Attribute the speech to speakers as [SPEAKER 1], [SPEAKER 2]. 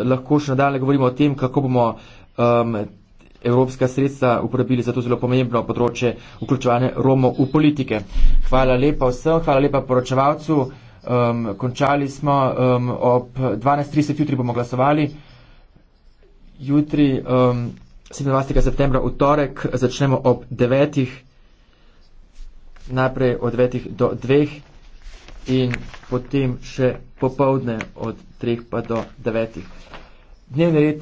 [SPEAKER 1] lahko še nadalje govorimo o tem, kako bomo um, evropska sredstva uporabili za to zelo pomembno področje vključevanja Romov v politike. Hvala lepa vsem, hvala lepa poročevalcu. Um, končali smo um, ob 12.30, jutri bomo glasovali. Jutri, um, 27. septembra, v torek, začnemo ob 9.00, najprej od 9.00 do 2.00 in potem še popovdne od 3 pa do 9.
[SPEAKER 2] Dnevni red